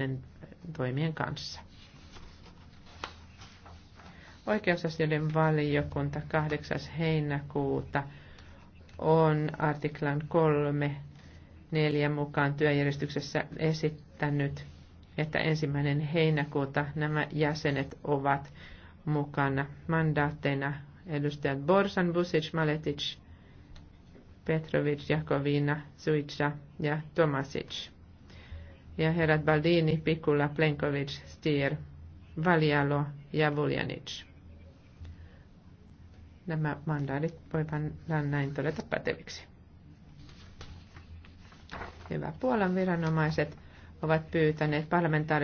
Äh, toimien kanssa. Oikeusasioiden valiokunta 8. heinäkuuta on artiklan 3 4 mukaan työjärjestyksessä esittänyt, että ensimmäinen heinäkuuta nämä jäsenet ovat mukana mandaatteina edustajat Borsan, Busic, Maletic, Petrovic, Jakovina, Suica ja Tomasic ja herrat Baldini, Pikula, Plenkovic, Stier, Valjalo ja Vuljanic. Nämä mandaatit voidaan näin todeta päteviksi. Hyvä. Puolan viranomaiset ovat pyytäneet parlamentaarisen